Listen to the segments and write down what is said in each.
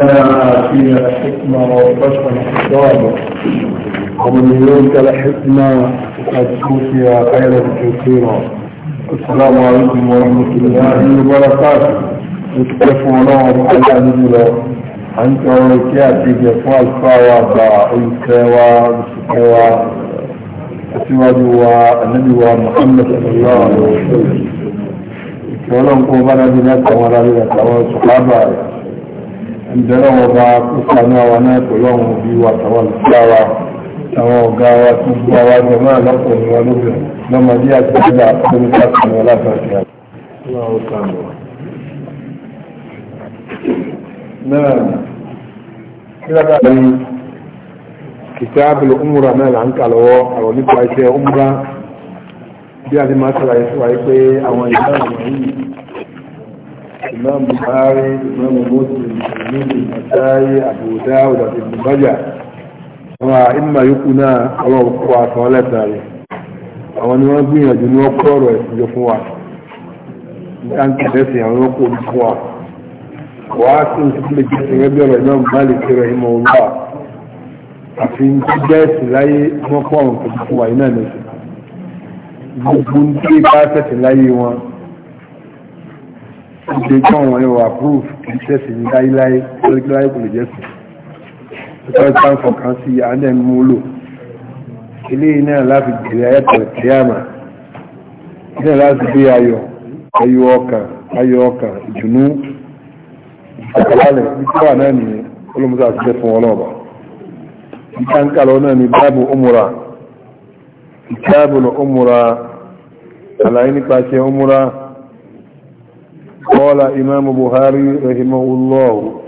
ومن يلوك لحكمة وقد أوتي خيرا كثيرا السلام عليكم ورحمة الله وبركاته اتكفوا لهم على نزل أنت وركياتي جفوا الفاوة بإنساوة بسكوة أسواجوا النبي ومحمد صلى الله عليه وسلم ولهم قومنا بناتا ولا بناتا وصحابة ìbẹ̀rẹ̀ wọn bá púpà ní àwọn náà pẹ̀lú àwọn òbí wa tàwọn olùsíláwà àwọn ọ̀gá wa tó gbọ́ wa jọ náà lọ́pọ̀ ní wọn lóbẹ̀ lọ́mọdé àti ìgbà àkọ́bí káàkiri wọn látàkì náà kíláàkà lẹ́yìn kìtàbìlì umra náà là ń kà lọ́wọ́ àwọn nípa iṣẹ́ umra bí a ti máa ṣàlàyé fún wa pé àwọn ìlànà wọ̀nyí imam buhari imam muslim muslim àtàrí àbúdá ọ̀dà ìbùn bájà àwọn àìmà yòókù náà àwọn òkú àtàn lẹ́tàrí àwọn ni wọ́n gbìyànjú ní wọ́n kọ́ ọ̀rọ̀ ẹ̀sìn jọ fún wa ní àǹtí lẹ́sìn àwọn ọkọ̀ omi fún wa wàá sí ní sípìlẹ̀ jẹ́ ẹgbẹ́ bí ọ̀rọ̀ imam malik rẹ̀ ìmọ̀ òwúrọ̀ àfi ń tó jẹ́ ẹ̀sìn láyé wọ́n kọ́ ọ̀rọ̀ fún wa yìí náà gbogbo ń dé bá tẹ̀sìn láyé wọn ìgbé kan wọn yóò approve kì í tẹ̀sí ní láíláí lórí láí kò lè jẹ́ sí nítorí tí wọ́n fọkàn sí àádẹ́ mú lò eléyìí náà láti gbèrè ayẹ́tọ̀ kíámà náà láti gbé ayọ̀ ayọ̀ ọkàn ayọ̀ ọkàn ìdùnnú ìfọ̀kànlẹ̀ nípa náà nìyẹn olómùsà ti jẹ́ fún ọlọ́ọ̀bà nípa ń kà lọ náà ní báàbù ọmọra ìkáàbù ọmọra àlàyé nípa ṣe ọmọra قال إمام Buhari رحمه الله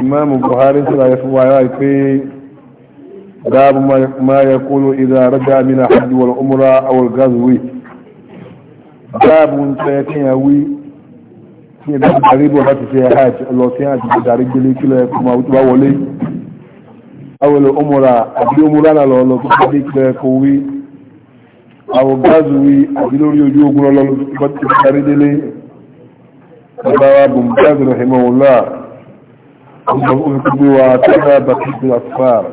إمام بخاري Buhari, في باب ما يقول إذا رجع من الحج والعمرة أو الغزو باب سيكون يوي hajj kó máa wútú bá wọlé awolẹ̀ ọmọra àbí ọmọra náà lọ wí بابا بمجاز رحمه الله واتنا بقية الأطفال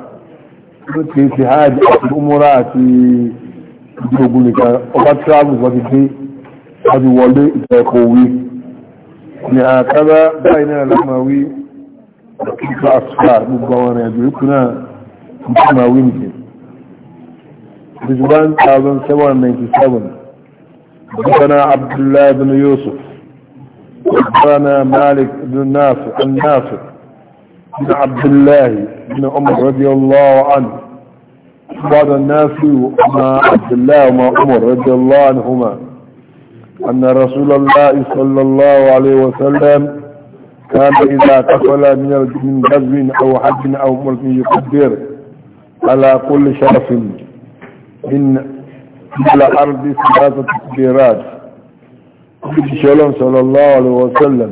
في اتحاج الأمورات يقول لك وقد شعب وقتي قد ولي إتاكوي لهكذا بيننا الأموي بقية الأطفال مبوانا يدركنا مكما ويمكن بجبان 1797 حدثنا عبد الله بن يوسف أخبرنا مالك بن نافع النافع بن عبد الله بن عمر رضي الله عنه بعض الناس مع عبد الله ومع عمر رضي الله عنهما أن رسول الله صلى الله عليه وسلم كان إذا قفل من غزو أو حج أو ملك يقدر على كل شرف من الأرض ثلاثة تكبيرات ìṣẹ́ ọlọ́run sallallahu alaihi wa sallam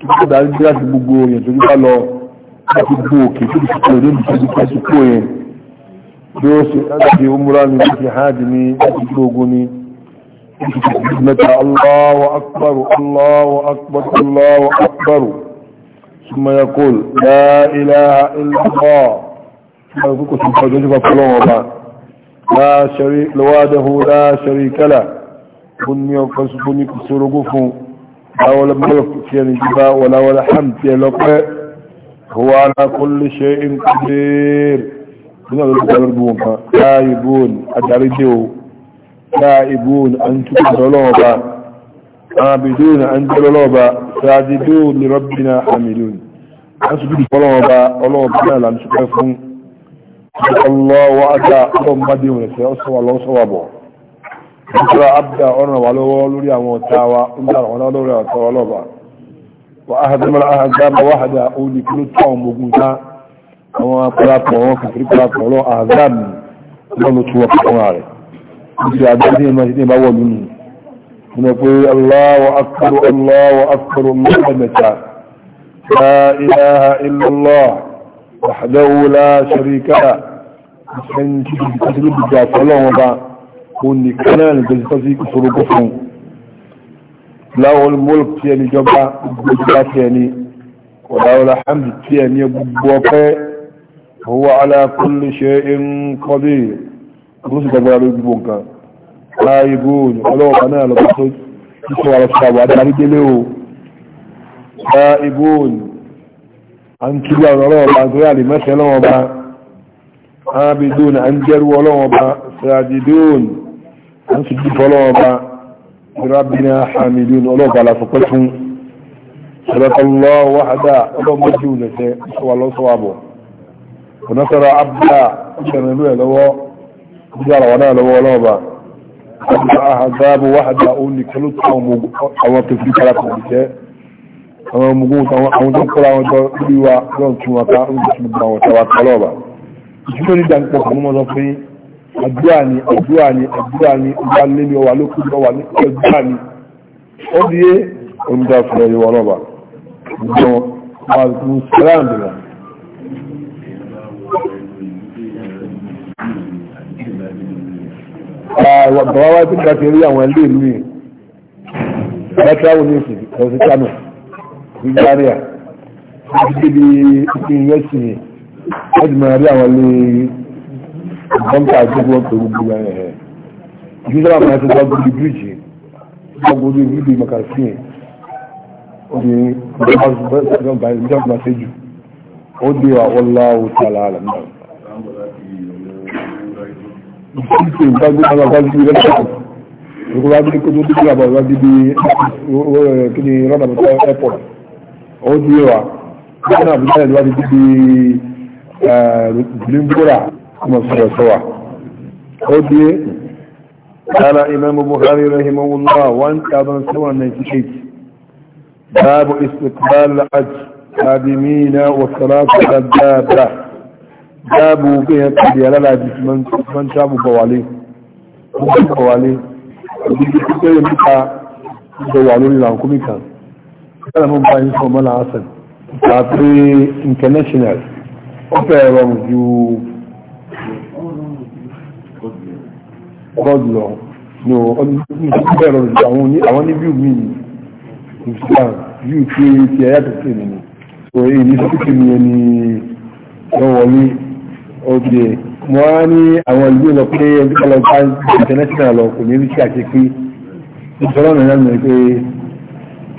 tó kọ́ darí bí láti gbogbo yẹn tó nípa lọ láti gbó òkè tó ti kúrò níbi tó ti kọ́ sí kúrò yẹn bí ó ṣe láti umra ni láti hajj ni láti gbógun ni mẹ́ta Allahu akbar Allahu akbar Allahu akbar ثم يقول لا إله إلا الله لا شريك لواده لا شريك له بني وقص بني كسر قفو لا ولا ملك كان جبا ولا ولا حمد يلقى هو على كل شيء قدير من القلبون تائبون أدرجوا تائبون أنتم ظلوبا عابدون أنتم ظلوبا ساجدون لربنا حاملون أسجد ظلوبا ظلوبا لا نشكر فهم الله وأتى أمم بديون سيأصوى الله صوابه nígbà abdá ọ̀rọ̀ wà lọ́wọ́ lórí àwọn ọ̀tá wa ń dára wọn lórí ọ̀tá ọlọ́ba wà áhàdámọ́lá áhàdámọ́ wáhàdá òní kí ló tọ́ àwọn ogun tá àwọn apárapọ̀ wọn kìkìrí parapọ̀ lọ àhàdámì lọ́nà tó wọ́n fún ara rẹ̀ níbi àdáyé ní ìmọ̀ ìdíyẹ bá wọ̀ lónìí mo pé aláwọ̀ akọrọ aláwọ̀ akọrọ mẹ́ta la ilaha illallah wàhàdáwó la sharika ẹ̀ òní kanáà nìkan tó sí ìṣòro kó fún láwọn mọ́lù tí ẹni jọba gbogbo tí ẹni ọ̀dáwọlá hamdi tí ẹni gbogbo ọpẹ́ huwa ala kulli shay'in qadir ló sì gbàgbà lórí gbogbo nǹkan láàyè góòlù ọlọ́wọ́ kanáà lọ́pọ̀ tó kíkọ́ wa lọ́sọ̀ àwọn adarí délé o láàyè góòlù à ń kíkọ́ àwọn ọlọ́wọ́ bá ń torí mẹ́sẹ̀ lọ́wọ́ bá ábìdóòlù à ń jẹ́rú ọlọ́wọ́ bá sàdìdóòlù ń fi jí fọ́lọ́wọ́ bá rábìnà hamidu ọlọ́ọ̀bá lásọpẹ́ fún ṣẹlẹ́kọ́lọ́ wáhádà ọlọ́mọdé òlẹ̀ṣẹ́ ṣọwà lọ́sọ́wàbọ̀ ọ̀nàṣọ́rọ̀ abdá ìṣẹ̀rẹ̀lú ẹ̀ lọ́wọ́ ìjára wọn náà lọ́wọ́ ọlọ́ọ̀bá àhàzábọ̀ wáhádà ó ní kẹlú àwọn tó fi kára kò jẹ́ àwọn ọmọgó àwọn tó kọ́ra wọn jọ lórí wa lọ́n tún wọn ká ń gbà wọn tàwa tọ́lọ́ọ̀bá ìṣúná ní ìdánilẹ́kọ̀ọ́ àdúrà ni àdúrà ni àdúrà ni ọba nílé ọwà ló kúrò ọwà ní àdúrà ni ó di é oúnjẹ fúnra yìí wọ́n ọba jọ wàlùkù sẹ́láǹdì rẹ̀. bàbá wa ti gbàtí rí àwọn ilé ìlú yìí bàtà wo ní èsì ọ̀sẹ̀ kánò Nigeria wọ́n ti débi ìpín yẹ́sì ọdún mẹ́rin àwọn ilé yìí bọ́ńkà àdúgbò wọn tó gbogbo ẹ̀ ẹ̀ ìdí sábà máa tó gbàgbó ní bíríìjì gbàgbó ní bíríìjì makarasi yẹn ó di ìjọba máa ṣẹ́jú ó di wallahu ta'ala alam náà. ìṣèlú ìgbàgbó máa bá gbàgbó ní rẹ́pọ̀tù ìgbàgbó wá bí kojú dúdú àbọ̀ wá bí kíni rọ́nà bàtà airport ó di wa rọ́nà bàtà airport wá bí kíni gbìlíngbòrà. مصرفوة خذي قال إمام بخاري رحمه الله وانت أبن سوى النجيب باب استقبال الحج قادمين والصلاة الدابة باب بها قد يلالها من من شاب بوالي بوالي بيجي مكا بوالي لانكم مكا كلام باين صوم العسل تعطي انترناشونال وفي رمجوب rọ́ọ̀dù lọ ní ọdún àwọn ní bíu mi ní ìfìsàn bíu tí ti ẹ̀yà tó tè mí ní so èyí ní síkì mi ẹni lọ́wọ́ ní ọdẹ mo á ní àwọn ìlú lọ pé ẹbí kọlọ bá international lọ kò ní ríṣẹ́ àti pé ìṣọ́lọ́ náà náà pé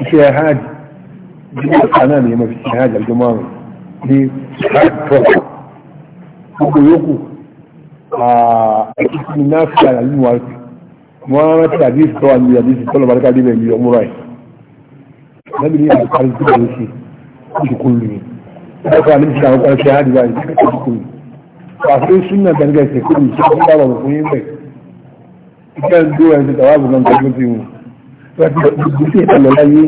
iṣẹ́ hajj bí ọ̀sán náà ni mo fi ṣe hajj àjọ márùn-ún ní hajj prop gbogbo yòókù ẹ̀kíkí náà fi àyà nínú wa wọ́n rántí àdéhùn tó wà ní àdéhùn tó lọ bàríkà dé bẹ̀rẹ̀ ọmọ rẹ̀ lẹ́bi ní àkàrí tó lọ sí ìdíkù lù mí ẹ̀kọ́ àdéhùn sí àwọn ọ̀pọ̀lọpọ̀ ṣe àdìbà ìdíkù lù àti súnà gbẹ̀ngẹ̀ ṣe kó lù sí ọdún bá rọrùn fún yín bẹ̀ ìkẹ́ ń dúró ẹni tàwa bùnà nǹkan tó wù láti ìdíkù ìtàlọ́ láyé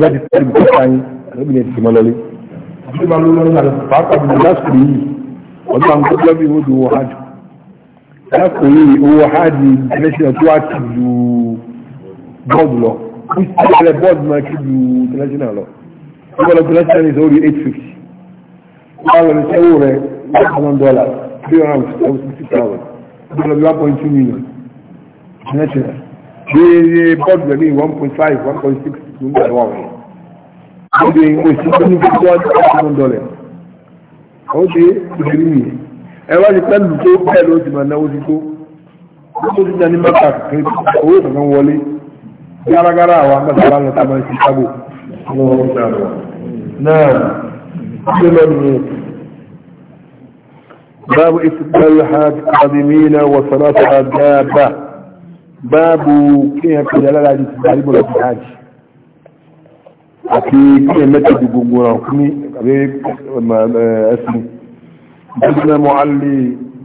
láti tẹ́lẹ̀ ọjọ́ àwọn ọjọ́ bí wọ́n dùn wọ́n lákòóyè owó hajj international tó wá ti ju bọ́ọ̀dù lọ ó ti bọ́ọ̀dù máa ti ju international lọ ó bọ́ọ̀dù international is only eight fifty wọ́n lọ sẹ́wọ́ rẹ̀ one thousand dollars three hundred and seventy thousand ó one point two million international déédéé bọ́ọ̀dù rẹ̀ ní one point five one point six million dollars. bẹ̀rẹ̀ wà wọ̀nyẹn ó dé ìwé one thousand dollars. ó ṣe ìrírí yìí ẹ wá ní pẹ́lú tó bẹ́ẹ̀ ló ti máa náwó sí tó ó tó ti jẹ́ ní mẹ́ta kiri owó kankan wọlé gárágárá àwọn amẹ́ta bá lọ sábà ń ṣe sábò náà ṣe lọ nìyẹn باب استقبال القادمين وصلاة الدابة باب كيف يدل على استقبال الحاج àti kíyè mẹ́ta di gbogbo ra òkú حدثنا معلي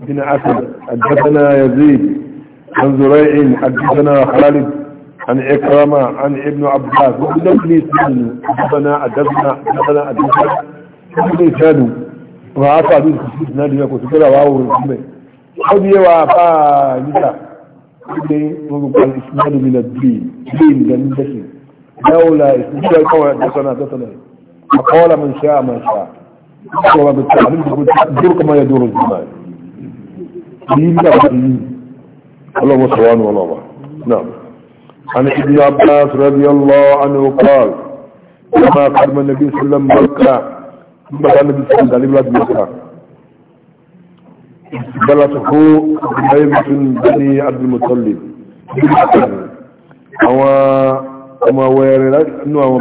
بن اسد حدثنا يزيد عن زريع حدثنا خالد عن إكرمة عن ابن عباس وقدم لي سنة أدبنا أدبنا أدبنا أدبنا وقدم لي سنة وعافى عدود كسيس نادي لك وسكرة وعاو رسمي وقد يوافى نتا وقدم وقال الإسلام من الدين دين جميل بشي دولة استجاب القول حدثنا حدثنا فقال من شاء من شاء وما بالتعليم يدور كما يدور الزمان دين لا دين الله وصوان والله نعم عن ابن عباس رضي الله عنه قال لما قدم النبي صلى الله عليه وسلم مكة ثم كان النبي صلى الله عليه وسلم مكة بلته بيت بني عبد المطلب أو ọmọ wẹ̀rẹ̀ nínú àwọn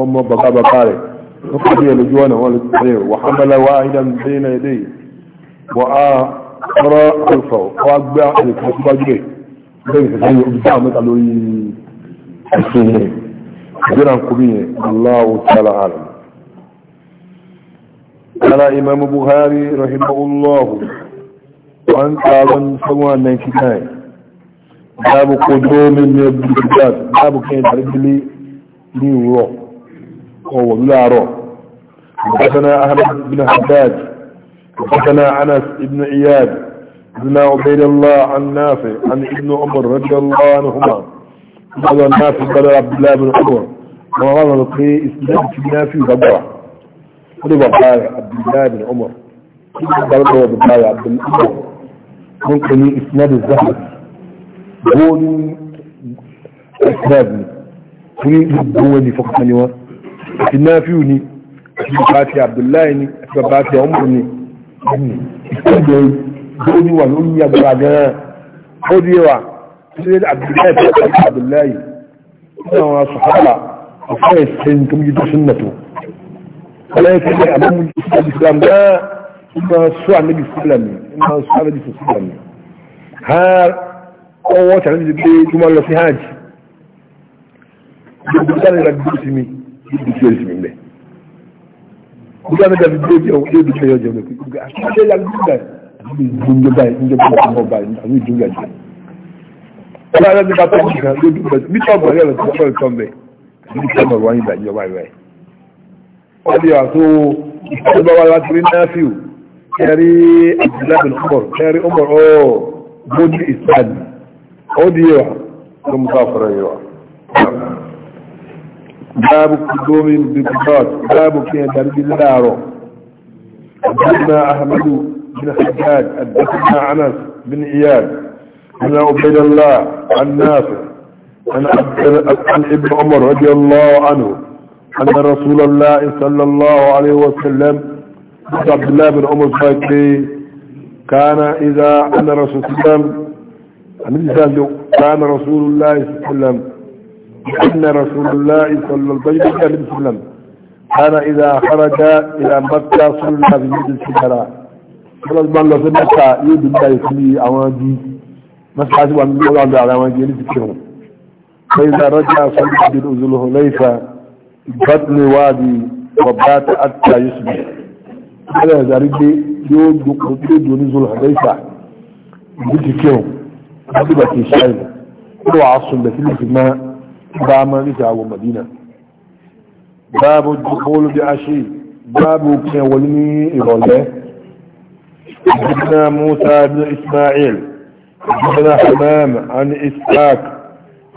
ọmọ bàbá bàbá rẹ̀ wọ́n kò bí ẹlòjú ọ̀nà wọn lè wà hàmàlà wà ìdàm dẹ́nà èdè wà á rọ́ alfa wà gbá ẹ̀lẹ́kọ̀ síwájú rẹ̀ bẹ́ẹ̀ sì sẹ́yìn olùdá mẹ́ta lórí ẹ̀sìn yẹn ìgbéra kò bí yẹn aláwọ̀ tààlà àrẹ̀ قال إمام بخاري رحمه الله وأنت عن سوى 99 باب قدوم النبيات باب كان رجلي نيورو هو لارو حدثنا احمد بن حداد حدثنا انس بن اياد بن عبيد الله عن نافع عن ابن عمر رضي الله عنهما قال نافع قال عبد الله بن عمر وقال لقي اسلام في نافع بقرة قال بقى عبد الله بن عمر قال بقى عبد الله ممكن اسناد الذهبي goni asbab ne kuri dubban wani fakamanewa a ti nafiyu ne a ti bukati abdullahi ne a ti bukati umar ne ìpínlẹ̀ goni wà lórí agbára gan-an ó di yawa sílẹ̀ abdullahi fẹ́ abdullahi suna wọn sọ̀hálà a fẹ́ sẹ́yìn tó mú sunnato kọlẹ̀ fẹ́ abin mú islam gan-an ina su annabi sallam ina su annabi sallam har ọwọ́ tàbí ti pé tó máa lọ sí hajj gbogbo sáré ra gbogbo sí mi gbogbo sí orísun mi mẹ́ gbogbo àmì tàbí gbogbo jẹun yóò dùn fẹ́yọ̀ jẹun lókè gbogbo àṣìṣe ya gbogbo báyìí àbí ìdúnjẹ báyìí ìdúnjẹ báyìí ìdúnjẹ báyìí àbí ìdúnjẹ jẹ ọlọ́ àrẹ mi bá tọ́ mi kan lójú bẹ̀ mí tọ́ bọ̀rẹ́ rẹ̀ tọ́ ìtọ́ mẹ́ àbí ìtọ́ mọ̀ wáyé ìdàjẹ́ ọba ìwẹ̀ wọ́n di wà tó ìtọ́jú bá wà láti rí náfíù kẹrí abdullahi bin umar kẹrí umar ọ́ bóni ìsáàdì أوديوها المسافر أيوة باب قدوم الضباط باب كي درج اللارو حدثنا أحمد بن حجاج حدثنا أنس بن إياد عن عبيد الله عن نافع عن عن ابن عمر رضي الله عنه أن رسول الله صلى الله عليه وسلم عبد الله بن عمر فاكري كان إذا أن رسول الله من ذلك كان رسول الله صلى الله عليه وسلم أن رسول الله صلى الله عليه وسلم كان إذا خرج إلى مكة صلى الله عليه وسلم صلى الله عليه وسلم يد الله يسمي أواجي ما سمعت وأن يقول عند أواجي يلتكهم فإذا رجع صلى الله عليه بالأزله ليس بطن وادي وبات حتى يصبح هذا ذلك يوجد قطيب ونزل ليس يلتكهم nígbà tí ṣáì ló wà sùn bẹ̀ sílẹ̀ sí máa bá a Madina báàbò jùkọ́lù ìrọ̀lẹ́ موسى بن إسماعيل حدثنا حمام عن إسحاق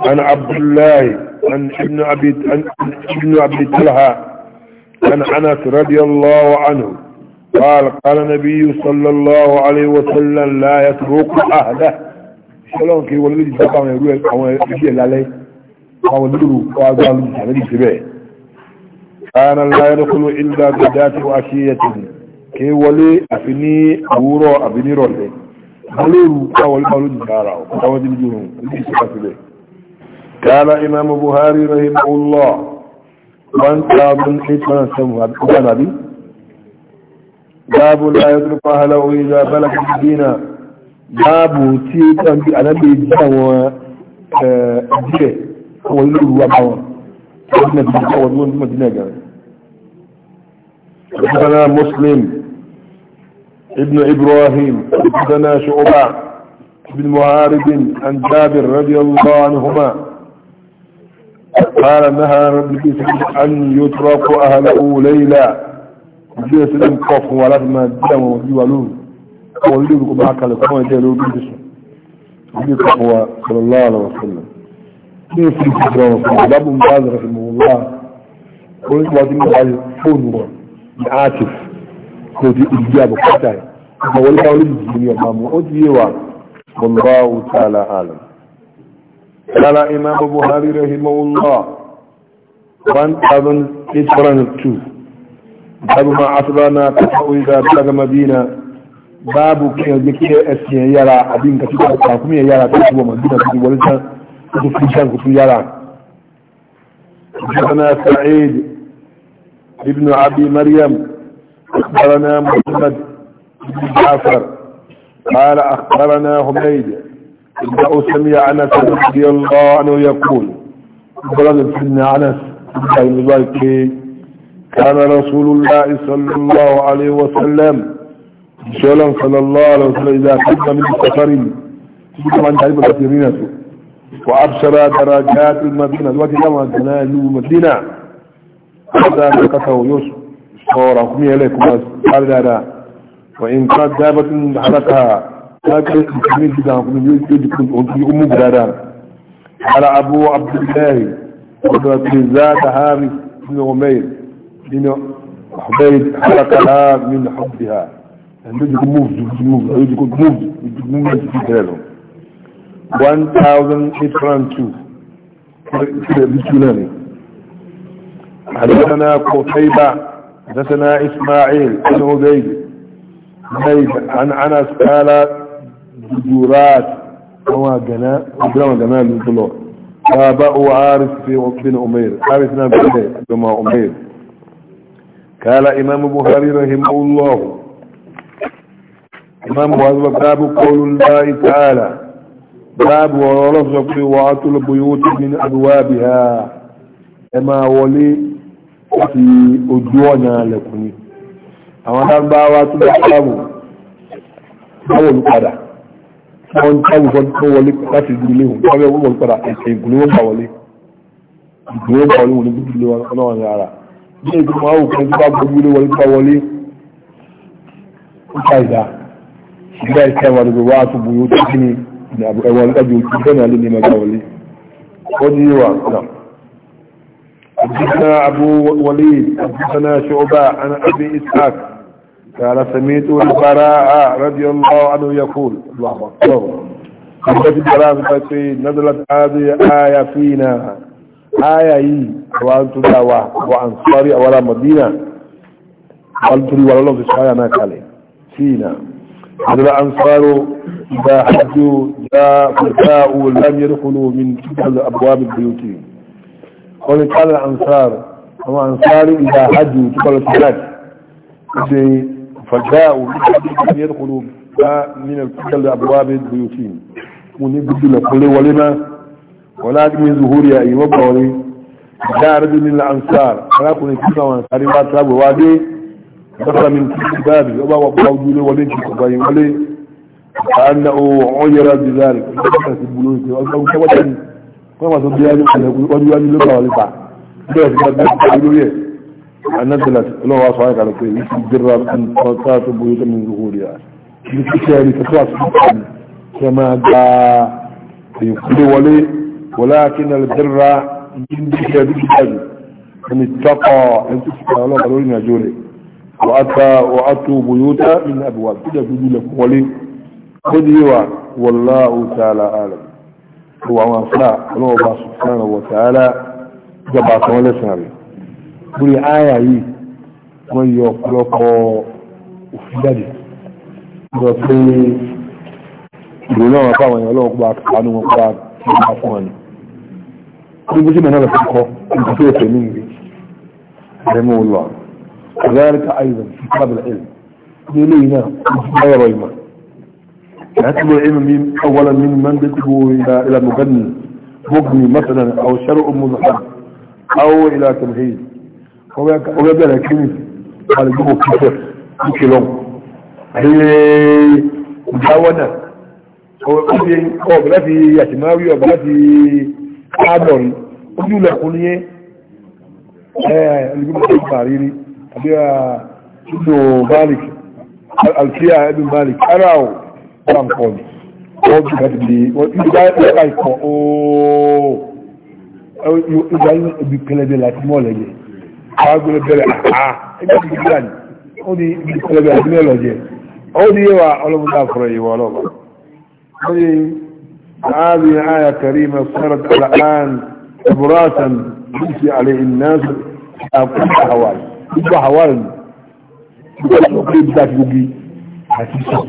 عن عبد الله عن ابن أبي عن ابن أبي طلحة عن أنس رضي الله عنه قال قال النبي صلى الله عليه وسلم لا يترك أهله ọlọ́run kiri wọlé lójú sábà àwọn ẹrú àwọn ẹbí ẹ̀ lálẹ́ àwọn olóró wá gbá lójú sábà lójú síbẹ̀. káyọ̀nà láyọ̀ lọ́kọ́lọ́ ìlúdà gbẹ̀dá tí wọ́n ṣe é ti kí wọlé àfi ní àwòrọ̀ àbí ní ìrọ̀lẹ́ olóró lójú sára ọ̀kọ́tàwọ́ báàbù tí ó tán bí anábì jí àwọn ẹ̀ẹ́dìrẹ̀ àwọn ilé ìrúwà bá wọn ọdún ẹ̀dùn ìjọ wọn ní mọ̀dínà gẹ̀rẹ̀ حدثنا مسلم ابن إبراهيم حدثنا شعبة بن معارض عن جابر رضي الله عنهما قال نهى ربي أن يترك أهله ليلا جلس لم قف ولما دم وجوالون wọ́n lè rúkú bá kalẹ̀ fún ẹgbẹ́ lórí ìdíṣù ilé kọ̀kọ́ wa sọ̀rọ̀lá àlọ́wọ̀ sọ̀rọ̀ ní èsì ìṣẹ̀rọ̀ fún ìdábò ń bá zọ̀rọ̀ fún ìwọ̀lá orí wa ti ń bá fóònù wọn ní áàtìf kò di ìdí àbùkátà ẹ̀ ọ̀pọ̀ wọlé bá wọlé ìdí ní ọ̀pá mu ó ti yé wa bọ̀lá ó tààlà àlọ́ tààlà iná bọ́bọ̀ harí rẹ̀ himọ́ wọ́lá 1802 babu ma asibana kasa oyi da daga madina babu kí ọjọ́ kí ẹsìn kàn fún mi ẹ̀ yara fi yára. سعيد ابن ابي مريم اخبرنا محمد بن جعفر قال اخبرنا حميد انه أسمي انس رضي الله عنه يقول أخبرنا سيدنا انس كان رسول الله صلى الله عليه وسلم شولا صلى الله عليه وسلم إذا كنت من السفر كنت من تعلم المدينة وأبشر درجات المدينة الوقت كما تنال المدينة حتى نقصه يوسف صور أخمي إليكم أسفر وإن كانت دابة حركها لكن المسلمين جدا حكمي يجب أمك دادا على أبو عبد الله وقد زاد هارس بن عمير بن حبيب حركها من حبها يجيكم موفز موفز يجيكم موفز يجيكم موفز في كلامهم 1802 كده بالسولاني حدثنا قتيبة حدثنا إسماعيل بن عبيد زيد عن أنس قال جدورات وما جنا وما جنا من طلوع تابعوا عارف بن أمير عارف بن أمير بما أمير قال إمام بخاري رحمه الله إمام وهذا باب قول الله تعالى باب ورزق وعطوا البيوت من أبوابها أما ولي في أجوانا لكني أما نعم باوات الأحلام أول قدع wọ́n tábù fọ́n wọlé láti ìdílé hùn tọ́bẹ̀ wọ́n wọ́n padà ẹ̀kẹ́ ìgbìlówó bá wọlé ìgbìlówó bá wọlé wọn ní ìdílé ọlọ́run ara ní ìgbìmọ̀ àwòkọ́ ẹni tó bá gbogbo ilé wọlé tó bá wọlé ó ṣàìdá لا كان رواة بيوتهم أبو أول أبي كبنا لني مجاولي ودي نعم حدثنا أبو وليد حدثنا شعباء عن أبي إسحاق قال سميت البراء رضي الله عنه يقول الله أكبر حدث البراء نزلت هذه آية فينا آية هي وأن تدعوى وأنصاري أولا مدينة قال تري ولا الله في شعينا كالي فينا هذا الأنصار إذا حجوا جاءوا لم يدخلوا من تلك أبواب البيوت قال قال الأنصار هم أنصار إذا حجوا تقبل الحج فجاءوا لم يدخلوا من تلك أبواب البيوت ونبدأ لكل ولما ولكن من ظهور يا أيها لي جاء رجل من الأنصار فلا كنت كما أنصاري واتراب وادي دخل من كل باب وما وقع وجوله وليس قضايا وليه كأنه عجر بذلك وقفت البلوك وقفت وطن وما صديان وديان لغة ولفع بيت قد نتعلوية أن نزلت لو أصعيك على كيف يجرى أن تطاط بيوت من ظهورها لكي تخلص كما جاء يقول ولي ولكن البر من ذكر بكتابه من اتقى ان تسمع الله قالوا لنا جوري وأتى وأتوا بيوتا من أبواب كده بدون لكم ولي خذ والله تعالى أعلم هو ما صنع الله سبحانه وتعالى جبع كمال سنبي قولي آية هي من يقلق وفيدي وفي ìrònà àwọn àpá àwọn èèyàn ọlọ́wọ́ gba àánú wọn gba ìgbà fún wọn ni ní bí sí mẹ́rin كذلك أيضا في طلب العلم إلينا غير ريمة يطلب العلم من أولا من من إلى إلى مغني مغني مثلا أو شرع مزحف أو إلى تمهيد ويبدأ كلمة قال يجيبه كثير كيلو هي مجاونة هو بلا في يتماوي وبلا في عبر ojú lẹ̀kùn ní ẹ́ ẹ̀ ẹ̀ ẹ̀ بيا ابن مالك الفيا ابن مالك أراو كلام قولي قولي كتبلي وإذا يقاي قوة أو إذا بكلبي لا تمولي أقول بلا آه إذا بكلبي أودي بكلبي لا تمولي أودي يوا ألم دافر يوا لوبا أودي هذه آية كريمة صارت الآن إبراسا يمشي عليه الناس أبقى حوالي gbogbo àwa rẹ̀ gbogbo àwọn ọ̀pẹ́ ìgbà tí gbogbo àti sọ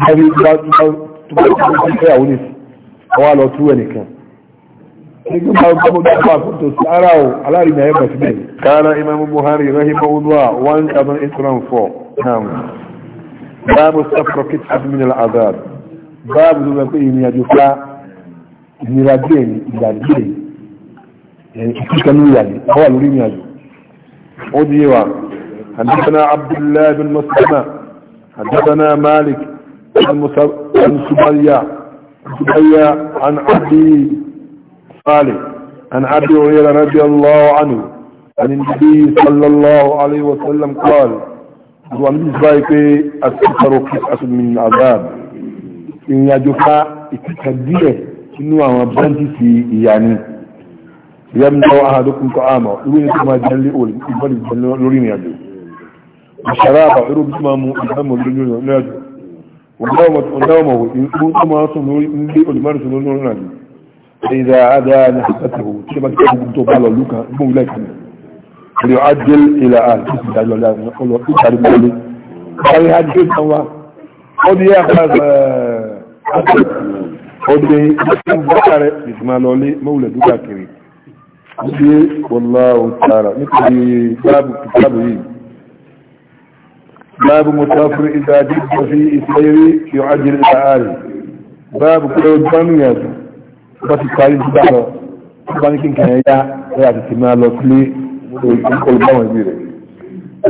láti ìgbà tó bá tó bá fẹ́ àwọn oníṣẹ́ àwọn àlọ́ tú ẹnìkan nígbà máa gbọ́ mọ́tò àwọn àkótó sí ara o aláàrin náà ẹ̀bà sílẹ̀. kára imam buhari rahimahullah one thousand eight hundred four naam báàbù sáfàrọ̀ kìtì àdúmìnira azad báàbù ló lọ pé ìrìn àjò fa أديوا حدثنا عبد الله بن مسلمة حدثنا مالك عن سبيا سبيا عن عبد صالح عن عبد هريرة رضي الله عنه عن النبي صلى الله عليه وسلم قال وعن ذلك السفر قصة من عذاب إن يجفى اتكديه إنه عم بزنتي في يعني يمنع أحدكم طعامه يقول ما جل أول يقول جل لورين يجي الشراب يروب اسمه يسمى لورين يجي ونومة ونومه يقول ما صنور يجي أول ما صنور لورين يجي فإذا عدا نحبته كما كان بنتو بالو لوكا يقول لك ليعجل إلى أهل قال لا نقول له قال لي قال هذا شيء هو خذ يا خذ خذ لي بكر اسمه لولي مولد ذكري níbi wọláwọ̀ tààrà nítorí báàbù kìtàbù yìí báàbù mọ̀tàfúrí ìdájí tó fi ìsẹ́rí kí ó ájẹ́ ìdáàrí báàbù pé ó gbánú yàtọ̀ bá ti parí dídá lọ tó bá ní kí nǹkan yá rẹ̀ àti tì máa lọ sílé olùbáwọn ibi rẹ̀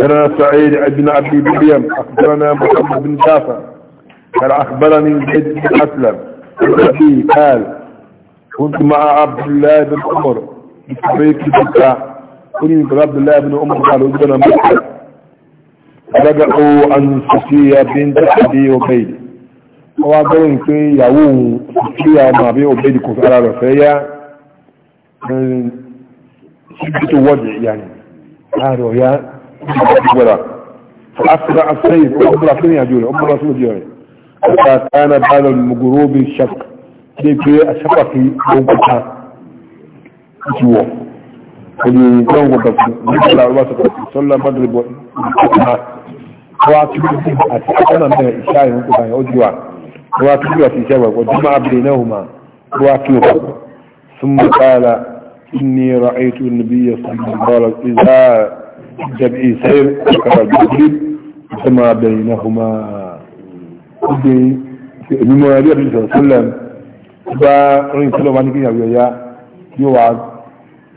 لنا سعيد بن عبد مريم أخبرنا محمد بن جعفر قال أخبرني زيد بن أسلم أبي قال كنت مع عبد الله بن عمر بيت بكا قولي عبد الله بن عمر قال ودنا مكة رجعوا عن صفية بنت أبي وبيد وقالوا في يوم صفية وما أبي وبيد كنت على رفايا شدة وجع يعني قالوا يا ولا فأسرع السيف أمر فين يا جوري أمر رسول جوري فكان بعد المغروب الشفق كيف الشفق في يوم ìwọ̀ òní ìjọ́wọ̀ nígbàlá ọlọ́wà sọ̀tọ̀ sọ́lá madrid wọ́n kíbi àti ọ̀nà mẹ́rin iṣẹ́ àìrùn kò báyìí ọjọ́ wọ́n kíbi àti iṣẹ́ ìwọ̀pọ̀ jùmọ́ abìlẹ̀ náà hùmà wọ́n kí òkú ثم قال إني رأيت النبي صلى الله عليه وسلم إذا جبئي سير وكرا الجبريل ثم بينهما ìmọ̀ ẹ̀rí ọ̀dún ìṣẹ̀lẹ̀ sílẹ̀ bá rìn sílẹ̀ wá ní kíyàwó ẹ̀yà yóò wá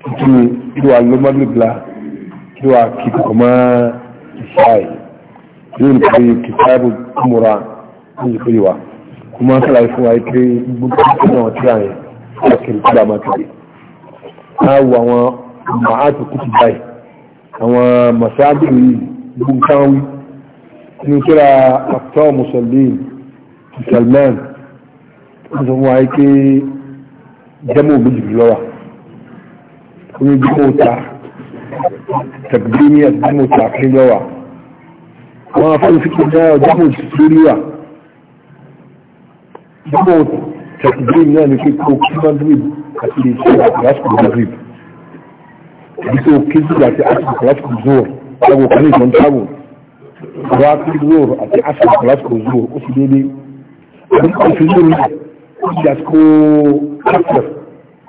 tuntun do a loma bibila do a kiti kuma isai yóò ní pé kìtàbù múra ní ìpè wa kuma sàlàyé ifu wa pé gbogbo tó náà tí a yẹn a kiri kúrò àmà kiri a wọ àwọn màáàtì kùtù báyìí àwọn masáàbù yìí gbogbo kan ní kíra àtọ́ mùsùlùmí salman ó fún wa pé jẹ́mọ̀ méjì lọ́wọ́ kuma jimota takbiniyar jimota kan yawa kuma fara suke jawo jimota suriya jimota takbiniyar da ke kokin madrid a cikin shirar raskun madrid biso kizila ti asibiti raskun zuwa tabo kan ikon tabo raskun zuwa a ti asibiti raskun zuwa o su daidai abin kwanfin zuwa o su jasko kasar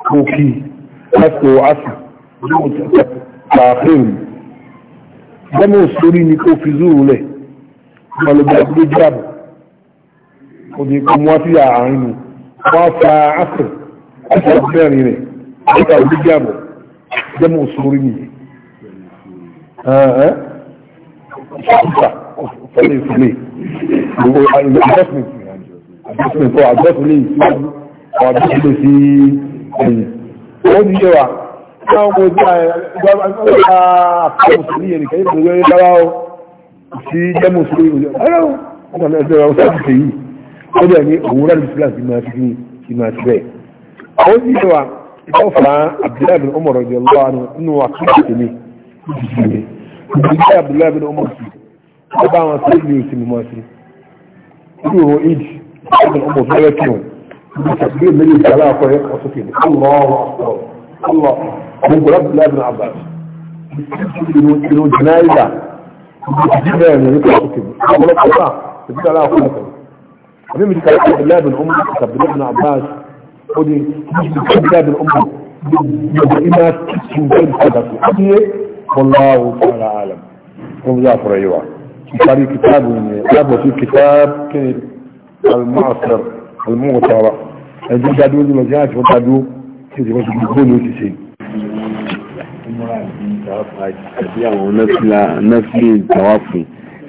koki àsìkò àsìkò àfihàn gbọ́mọ̀ sórí ni kó fi zúrù lẹ̀ ọlọ́gbà gbé jáàbù òdì kò mú sí àárín ni wọ́n fa àsìkò àsìkò mẹ́rin rẹ̀ nípa òdì jáàbù gbọ́mọ̀ sórí ni ṣàkóso ọ̀fẹ́lẹ̀ ìfẹ́lẹ̀ gbogbo adjustment adjustment or adjustment sí ẹ̀yìn ó ti yẹ wa táwọn ọmọ ojú àpapọ̀ sí ẹnì kan yóò wẹ́rẹ́ dára ó sí jẹ́mú sí ìwòye ọ̀rọ̀ ọ̀sán ẹgbẹ́ ọ̀sán ọ̀sán ti tèyí ó dẹ̀ ní òwúrọ̀ ní sílá sí máa ti fi máa ti bẹ́ẹ̀. ó ti yẹ wa ìfọ̀fà Abdullahi bin Umar ọ̀jọ̀ lọ́wọ́ àná nínú àkókò tèmi ìdílé Abdullahi bin Umar sí ọba àwọn sí ìlú òsì mọ́ sí irú ìdí Abdullahi bin Umar fẹ́rẹ́ kí wọn بتكبير من الثلاثة ويقرأ أسكين الله أكبر الله من رب لا ابن عباس من جنايزة جنايزة من أسكين أقول لك الله تبدأ لا أقول لك من الكلاء بالله بن أمي تكبير ابن عباس ودي بالله بن أمي بإما تسكين بين حدث والله تعالى عالم ومزافر أيوة كتاب كتاب كتاب كتاب المعصر àlùmọ́ ọ̀tá wa ẹjọ́ dádúró ní ọjọ́ àti wọ́n dádúró tí ìjọba ti gbogbo ní ó ti ṣe. àti àwọn nọ́ọ̀sì tàwáfù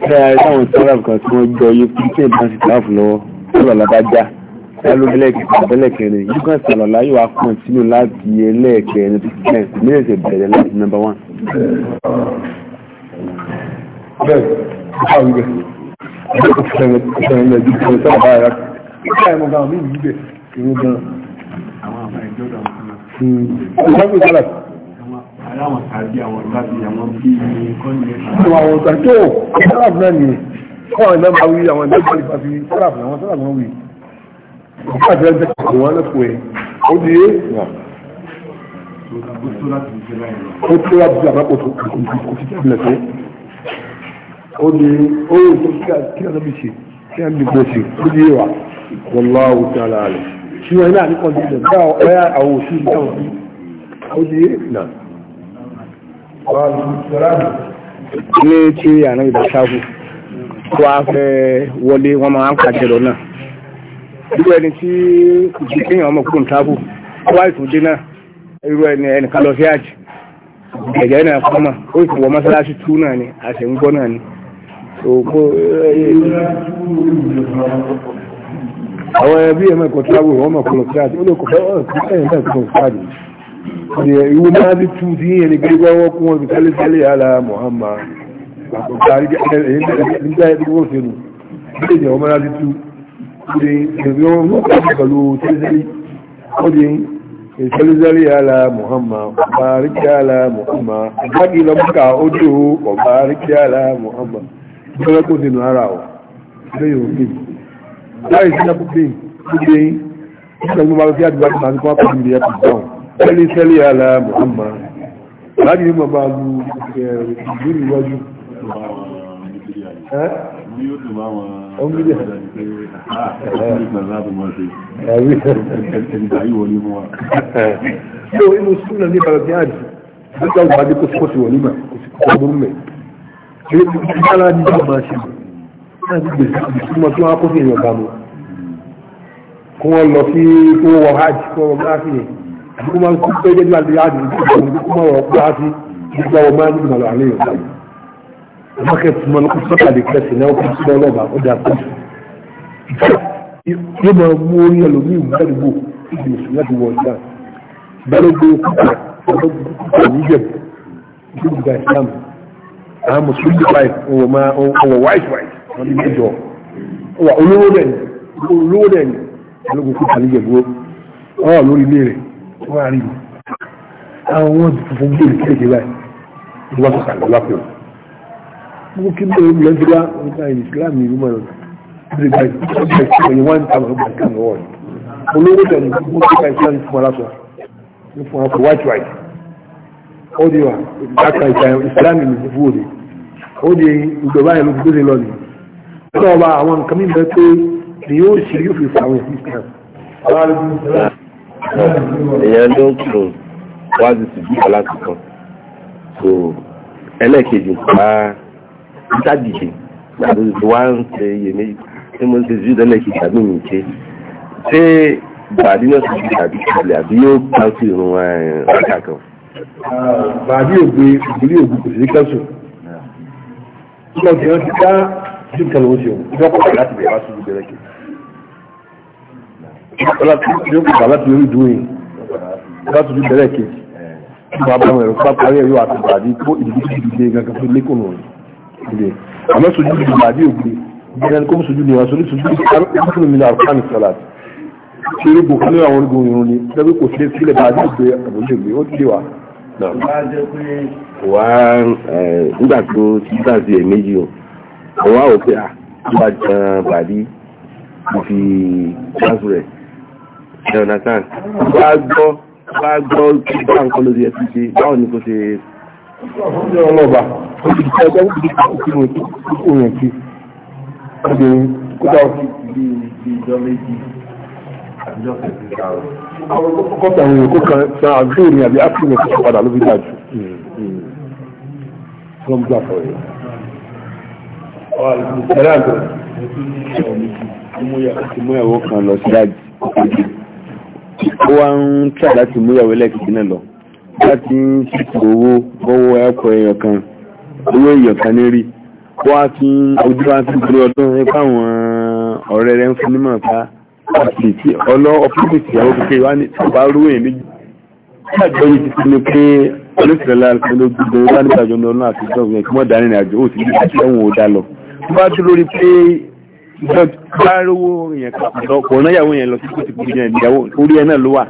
ṣáà táwọn sáràfù kan tí wọ́n jọ yé fún tí ìbá ti tàwáfù lọ́wọ́ sọ̀rọ̀ lábájá láló bẹ́lẹ̀kẹrin yìí kan sọ̀rọ̀ láyé wa kàn sínú láti ẹlẹ́ẹ̀kẹrin tó ti kẹ́ mílíọ̀sẹ̀ bẹ̀rẹ̀ láti nọ́mbà wán. bẹ́ẹ̀ ni ọ̀sán ìgbẹ́ ọ̀sán ìgbẹ́ ìgbà ìmọ̀gá omi yìí bẹ̀ ìwọ̀n gan àwọn àmà ìjọba àwọn tàbí àwọn tàbí àwọn bí i kọ́nìyàn àwọn tàbí àwọn tàbí kọ́ iná máa wí àwọn ẹgbẹ́ ìgbà fi sọ́ràp àwọn sọ́ràp wọn wí ọ̀pá àti ẹgbẹ́ kọ̀ọ̀kan wọn lẹ́kọ̀ọ́ ẹ̀ ó di é ó tó láti jẹ́ àbápọ̀ tó kò sí tẹ́lẹ̀ tó ó di ó yẹ kí a lọ́bi ṣe kí a lè gbọ́ ṣe ó di é wa. والله تعالى اعلم شو هنا نقول جدا او شو نقول او دي نعم ní tí àná ìdásáàbù wá fẹ́ wọlé wọn máa ń kàjẹ lọ náà irú ẹni tí kò jí kéèyàn ọmọ kúrò tábù wá ìtòdé náà irú ẹni ẹnìkan lọ sí àjì ẹ̀jẹ̀ náà kọ́mà ó sì wọ mọ́sálásí tú náà ni àṣẹ ń gbọ́ náà ni àwọn ẹbí ẹ̀ mẹ́kọ̀ọ́ tíráwò wọ́n mọ̀ kọlọ̀ tíráàdì ó lè kọ̀ fẹ́ ẹ̀yìn náà kọlọ̀ tíráàdì ìwé máa bí tú sí yẹn ní gbígbọ́ wọ́n kún wọn tẹ́lẹ̀ tẹ́lẹ̀ ala Muhammad àkọ́kọ́ àrígbẹ́ ẹ̀yìn nígbà ẹ̀dí wọ́n ṣe nù bí ìjẹ́ wọn máa bí tú ṣe ìgbẹ́ wọn wọ́n kọ́ pẹ̀lú tẹ́lẹ̀ tẹ́lẹ̀ tẹ́lẹ̀ ala Muhammad ọba àrígbẹ́ ala Muhammad àgbàgbé lọ́mọ́kà ó dúró ọba àrígbẹ́ ala Muhammad ìjọba kó sínú ara ọ̀ lẹ́yìn òkèjì báyìí sí náà gbé gbé yín nígbà tí mo bá lọ sí àdúgbò àti màálù kó wá pàdé ìdí dáhùn tẹ́lẹ̀ tẹ́lẹ̀ àlà Muhammad láti ní bàbá lu ìlú ìwájú. Ṣé o inú súnà o ní kí Bàbá Bíájì máa ṣe mọ̀? láti gbèsè ìtumọ̀ tí wọ́n kó sí èèyàn bàmù kó wọ́n lọ sí kó wọ́n wọ hajj kó wọ́n bá sí yẹn àti kó máa ń kó pé jẹ́jú àti hajj kó wọ́n kó máa wọ̀ bá sí nígbà wọ́n máa ń dùn àlọ́ àlẹ́ yẹn bàmù. àmọ́ kẹ́tù mọ́ kó sọ́kà lè kẹ́sì náà kó sọ́ lọ́ba ó dà kó sùn. yóò máa mú orí ẹlòmíì wù ládùúgbò ìdí mùsùlùmí láti wọ ọjà balógun kúkà balógun kúkà níjẹ̀ ìdí mùsùlùmí wọ́n ní mẹ́jọ wà olówó dẹ̀ olówó dẹ̀ ológun kú tàbí ìjẹ̀bú wọ́n wà lórí ilé rẹ̀ wọ́n wà rí i àwọn wọn funfun bí èrè kéèké báyìí wọ́n wá sọ̀kà lọ́wọ́ pẹ̀lú gbogbo kí ló ń lọ sí wá nípa ìsìlámù ìlú mọ̀ lọ́dọ̀ ìgbà ìsìlámù wọn ta àwọn ọgbà ìsìlámù lọ́wọ́ rẹ̀ olówó ó di wa ìsìlámù ìsìlámù ìlú fúwò ni ó di ọ̀rọ̀ ọba àwọn nǹkan mímọ̀ pé ni yóò ṣe yóò fi fa àwọn ìsìnkà èèyàn ló ń kírun wá sí ti bíbá láti kan so ẹlẹ́ẹ̀kejì pa dádìde gbàdó ti wá ń ṣe iye méjì tí mo ṣe sí ẹlẹ́ẹ̀kejì àbí mi ṣe ṣé bàdí náà ti fi àbí kalẹ̀ àbí yóò káńsì irun ọjà kan. bàdí ògbé ìgbélé ògbé kò sí kẹ́sùn kí nǹkan ló ń ṣe òun ìjọ pọ̀ láti bẹ̀rẹ̀ bá ṣubú bẹ̀rẹ̀ kì yóò kọ̀ láti orí ìdúró yìí bá ṣubú bẹ̀rẹ̀ kì í bá bá ẹ̀rọ bá parí ẹ̀rọ àti ìbàdí kó ìdílé ti dìde gangan fún lẹ́kọ̀ọ́ nù ilé àmọ́ sojú ti ìbàdí ògbé ìgbéra ni kó mú sojú ni wọn sojú sojú ìbùkún mi náà kánì sọlá ṣe é bùkún ní àwọn orígun irun ni lẹ́bí kò sí sílẹ̀ bá dé ìgbé àbúlé ìgbé ó dé wa. wá nígbà tó ti gbà sí ẹ̀ méjì o àwọn àwòkẹ́ àgbà gan bàbí mo fi ṣáàfù rẹ̀ jonathan bá gbọ́ bá gbọ́ kí bá nǹkan lórí ẹ ti ṣe báwo ni kò ṣe ọjọ́ ọlọ́ba ó ti ṣe ọjọ́ ìdíje ìdíje ìdíje ìdíje obìnrin kódà ó bí ìjọ méjì àjọ kẹsìkà rẹ̀. àwọn kọ́kọ́tà àwọn èèyàn kó kan san àgbé ní àbí áfíríkà padà ló fi dájú. wọ́n gbà fọ́ yìí ẹ̀rọ múyàwó kan lọ sí dájú ó wá ń tà láti múyàwó lẹ́kìtì náà lọ láti ń ṣètò owó bọ́wọ́ ẹ̀kọ́ èèyàn kan owó èèyàn kan ní rí wá fi ojú wa ti gbé ọdún nípa àwọn ọ̀rẹ́ rẹ̀ ń fún nímọ̀ pa àti tí ọlọ́ ọ̀fíìsì ìyàwó kékeré wá ní ọba rúwé méjì láàjọ yìí ti fi ni pé olóṣèlú aláàfin ló gbé ọdún wá nígbàjọ ọdún àti ìjọba ìyẹn kí wọ́n dá nínú àjò ó sì ní ìṣẹ́wọ̀n ó dá lọ bá dúró lórí pé bá rówó èèyàn kọ̀ọ̀kan náà yàwó yẹn lọ sí kòtìkò yẹn ìyàwó orí ẹ náà ló wà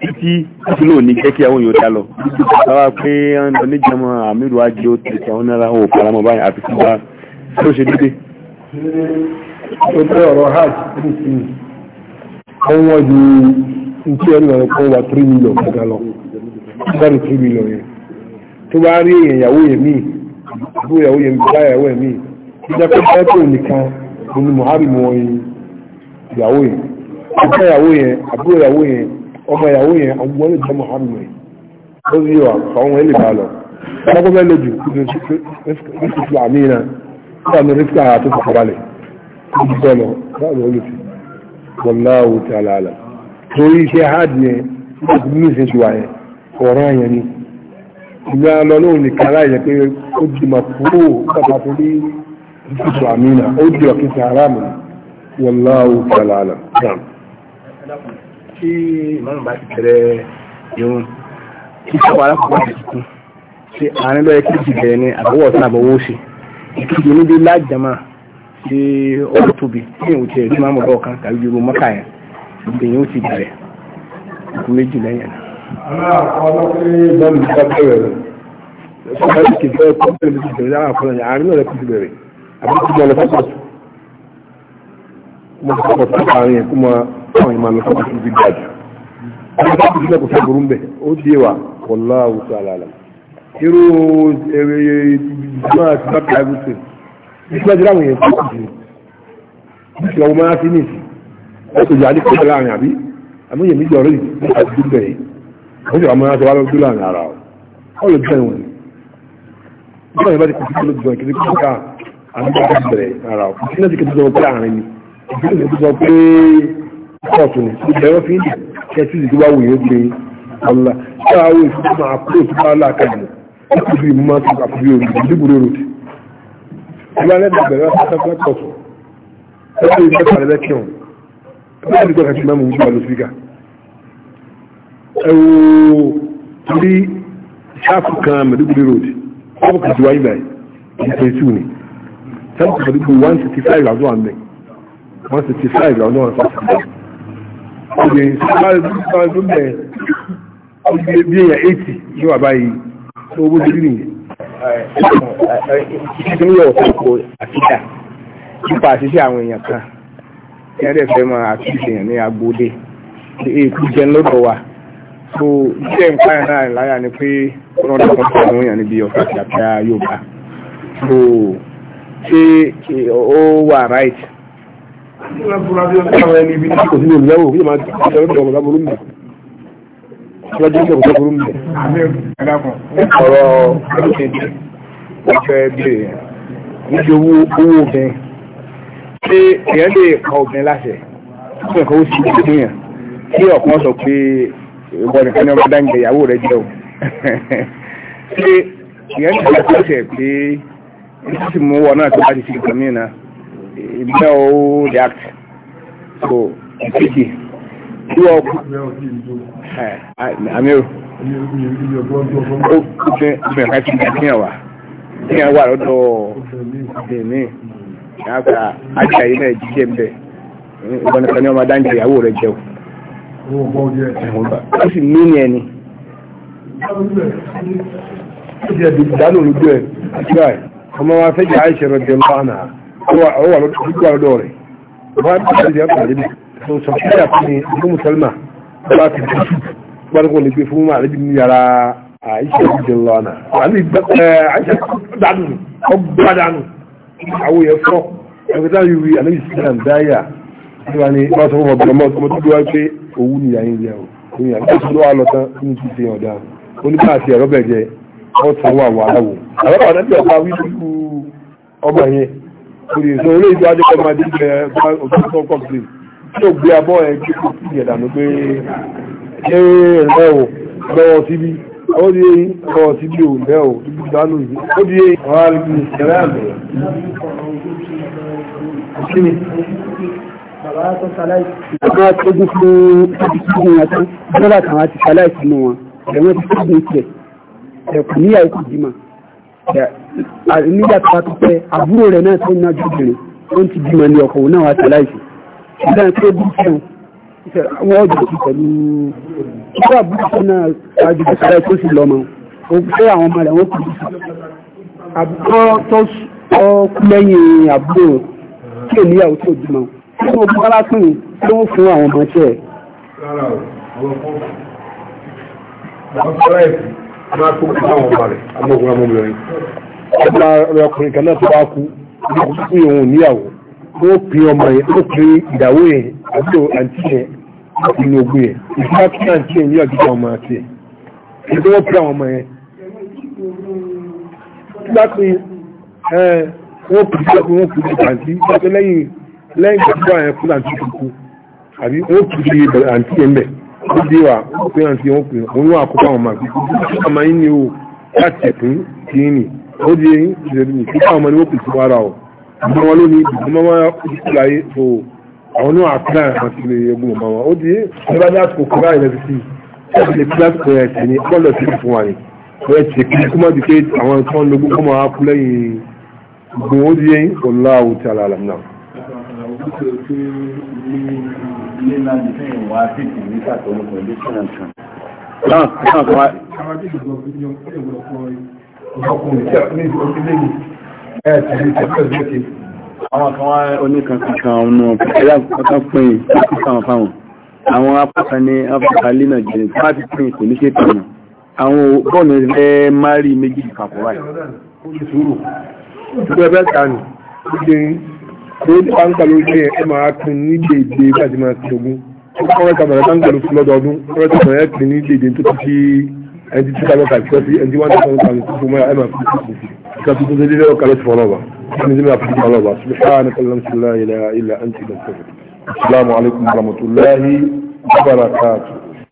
títí tí lóò ní jẹ́ kí àwọn yóò dá lọ. báwa pé ń lọ níjàmọ́ àmírù ajé ó tẹ̀sí àwọn náírà ò faramọ́ báyìí àti fún wa tó ṣe dédé. ó tẹ́ ọ̀rọ̀ hajj ní ìsinmi wọ́n wọ́n ju ntí ẹni lọ́rọ̀ kan wà three million gbàgbà lọ báyìí three million yẹn tó bá rí èèyàn ìyàwó yẹn míì àbúrò ìyàwó yẹn bá ìyàwó yẹn míì ìjẹ́ pé bẹ́ẹ̀kùn nìkan nínú Muharram wọn ìyàwó yẹn ọkọ ìyàwó yẹn àbúrò ìyàwó yẹn ọmọ ìyàwó yẹn àwọn ọmọ ìjẹ́ Muharram yẹn ó sì wà fáwọn ẹlẹ́ bá lọ ọkọ bẹ́ẹ̀ lójú kúrò rísíkì àmì náà kúrò àmì rísíkì àrà tó fọkọ balẹ̀ kúrò bẹ́ẹ̀ lọ báwo ló fi wallahu ta'ala alam torí iṣẹ́ hard yẹn nígbà tí mímí ṣe ti wà yẹn ọ̀rọ̀ yẹn ni ìgbà lọ lóhùn nìkan láì pé ó di màkúrò nígbà tó rí ìtùtù àmìnà ó di ọ̀kí sí aráàmù wọláwù kàlàlà náà tí ìmọ̀nà bá ti bẹ̀rẹ̀ irun kí sọ́wọ́ alákọ̀ọ́kọ́ ti kú sí àárín lọ́yẹ kí ti bẹ̀rẹ̀ ní àbọ̀wọ̀ sí àbọ̀wọ̀ sí ìkíkì níbi lájàmá sí ọ̀rọ̀ tóbi tí èèyàn ti rí máàmù lọ́ọ̀ kan tàbí ju mọ́kà yẹn èèyàn ó ti bẹ̀rẹ̀ ìkú méjì lẹ́yìn náà. àwọn àkọọ́lọ́ àbí kí wọ́n lọ fọ́pọ̀t wọ́n fọ́pọ̀t fọ́pọ̀ àárín ẹ̀kú mọ́ àwọn ìmọ̀ lọ fọ́pọ̀t ibi gbàjù wọ́n fọ́pọ̀t sílẹ̀ kò fẹ́ burú mbẹ̀ ó di wa wọ́lá awùsọ àlàlà irú èrè ìjọba àti bá kàá gúúsù ìgbàjú láwọn èèyàn fọ́pọ̀t yìí ìṣòro máa fi nìsí ẹ̀kọ́ ìyá nípa ìṣẹ̀lẹ̀ àárín àbí àmì yèmí ti kò sí lọ́dún ìkíní kò sí àwọn bá ti bẹ̀rẹ̀ ara ọ̀pọ̀ sínú ti kẹ́tọ́ pé àárín ni ìdílé mi tó sọ pé kóòtù ni ìgbà ẹ̀rọ fi ń kẹ́tù ìdí wá wòye pé ọ̀la ṣé àwọn èso tó máa kúrò tó bá láàkàdì ó kù sí ìmúmá tó kà fúbi orí ìdíbò rẹ̀ rọ̀tì. ìgbà lẹ́nu bẹ̀rẹ̀ sáfẹ́ kóòtù ẹgbẹ́ ìgbẹ́ fàlẹ́lẹ́ kí wọn ẹgbẹ́ ìgbẹ́ kàtí mẹ́mú wújú àlọ́ síkà. ẹ wo torí ṣáàfù kan mẹ́dúgbò rẹ̀ rọ̀tì ọ̀pọ̀ kàtí wáyé báyìí ìfẹ́ sí ni ten to pẹ̀lú one sixty five làwọn wà ń bẹ̀ one sixty five làwọn wà ń fà sí bẹ̀ ọ̀gbẹ̀ sọ́kàlù sọ́kàlù tó bẹ̀ ọ̀gbẹ̀ bí èèyàn eighty ló wà báyìí tó owó débi nìyẹn. ìṣèjọba yóò fẹ́ kó àfíjà nípa àṣìṣe àwọn èèyàn kan ní ẹ̀rẹ́ fẹ́ máa àtúnṣe èèyàn ní agbóde èkú jẹun lọ́dọ̀ wa so iṣẹ́ nǹkan náà láyà ni pé ọlọ́dún kan fún àwọn èèyàn níbi ọ̀fà àti àpá Yorùbá so ṣé ó wà right. ọ̀rọ̀ owó owó obìnrin ṣé èèyàn lè pa obìnrin láṣẹ fún ẹ̀kọ́ ó sì yàn tí ọ̀kan sọ pé ìwọ nìkan ní ọmọdé ń jẹ ìyàwó rẹ jẹ o ṣé èèyàn lè pa láṣẹ pé ìdí sì mú wọn náà tó bá ti fi kàn mí náà ìbí náà ó react so ìkejì tí wọ́n kú àmì ó kúkẹ́ ìgbìmọ̀ ká ti gbà kíyàn wá kíyàn wà lọ́dọ̀ bèmí àgbà àti náà jíjẹ́ mbẹ́ ìwọ nìkan ni ọmọ dáńjẹ ìyàwó rẹ jẹun ó sì mí ni ẹni. Ìdí ẹ̀dùn ìdánù ẹ̀ àti ọmọ wa fẹ́jì àìṣẹ́ rẹ̀ jẹ́ lọ́nà ọwà lọ́dọ̀ rẹ̀ wọ́n ti ṣe jẹ́ pàdé bí so sọ fún yà fún ìlú musulma bá ti fi ṣù gbọ́dọ̀ lè gbé fún àlẹ́ bí yàrá àìṣẹ́ rẹ̀ jẹ́ lọ́nà àlẹ́ àìṣẹ́ dànù ọgbà dànù àwọn yẹn fọ́ ẹgbẹ́ta yìí wí àlẹ́ ìsìlẹ̀ dáyà nígbà ni wọ́n sọ fún ọ̀bọ̀n ọmọ tó wá pé òun nìyà yín jẹ́ òun nìyà yín lọ́wọ́ lọ́tán ní ti ṣe ọ̀dà oníbàṣẹ ọ̀rọ̀ bẹ̀ jẹ́ wọ́n tún wà wà láwò àwọn ọ̀nà bí ọba wíwú ọmọ yẹn lórí èso ilé ìjọ adékọ̀ máa dé ilẹ̀ ọgbọ́n kọ́kùnrin tí ó gbé abọ́ ẹ̀ kí kò sí ìyẹ̀dànù pé ṣé ẹ̀rọ lọ́wọ́ síbí ó di eyín lọ́wọ́ síbí ò lẹ́ ò níbi ìdánù yìí ó di eyín ọ̀rá ní ìṣẹ̀lẹ̀ àgbẹ̀ kíni. Bàbá tó ṣaláìsì. Àwọn akéjú fún ìdíjú wọn tán, ẹ̀kù níyà ikú jímà nígbà tó bá tó pẹ́ àbúrò rẹ̀ náà tó ń nájú obìnrin tó ń ti jímà ní ọkọ̀ náà wá sí aláìsí ìdáhùn tó bí fẹ́hùn wọ́n ọjọ́ sí pẹ̀lú ìgbà àbúrò tó náà wájú bí sáré tó sì lọ́mọ ó fẹ́ àwọn ọmọ rẹ̀ wọ́n kù sí àbúrò tó kú lẹ́yìn àbúrò tí ò níyàwó tó máa kó àwọn ọba ọkùnrin kan náà tó bá kú ọkùnrin fún ìhun níyàwó ó pè ọmọ yẹn ó pè ìdàwó yẹn àbúrò àǹtí yẹn inú ogun yẹn ìfúnná kí àǹtí yẹn ní ọ̀gígá ọmọ àti yẹn ìdí wọ́n pè àwọn ọmọ yẹn nígbà pé wọ́n pè sí ọkùnrin wọ́n pè sí àǹtí nígbà pé lẹ́yìn lẹ́yìn ìgbà tó àǹtí kúkú àbí wọ́n pè sí àǹtí yẹn bẹ́ẹ̀ bí wa pé àǹtí wọn pè wọn wà kó fáwọn máa fi ọmọ o láti ẹ̀kún kí ní ó di eyín ìṣẹ̀lẹ̀ ní kí fáwọn ọmọ ni wọ́n o ọmọ wọn ló ní ìdìbò mọ́ wọn kú láyé so àwọn náà àkúrà àwọn ti lè yegun ọmọ wọn ó di eyín wọn bá dá àsìkò kọ́ra ìrẹ́ fi sí i ṣe kílásì kan ẹ̀sẹ̀ ni ọlọ́ sí fún wa ni wọ́n ti kí kó má di pé àwọn tó ń lo gbogbo ọmọ wa kú lẹ́yìn gbogbo ó di eyín ọlọ́ àwòtí alàlàm ilé ńlá ní fún Àwọn kan wá oníkankankan ọ̀nà ẹ̀yà kan pín fáwọn. Àwọn apákan ní Áfíríkà Lina jẹ́ bá ti pín kò ní ṣe tànà. Àwọn bọ́ọ̀nù ẹgbẹ́ máa rí méjì ìpapọ̀ wáyé tó wá ń kà ló jẹ́ ẹ máa pin ní dèdè bá ti máa tògún ọ̀rẹ́ kàmàrà tá ń kà ló fún lọ́dọọdún ọ̀rẹ́ kàmàrà ẹ pin ní dèdè tó ti fi ẹni tí ká lọ́ka ìfẹ́ sí ẹni tí wọ́n ti sọ̀rọ̀ kàmì fún fún ẹ máa fi kú ìka tó tó délé ọkà ló ti fọ́ lọ́wọ́ ẹni tí máa fi kú lọ́wọ́ subhanahu wa ta'ala ilaha illa anta astaghfiruka assalamu alaikum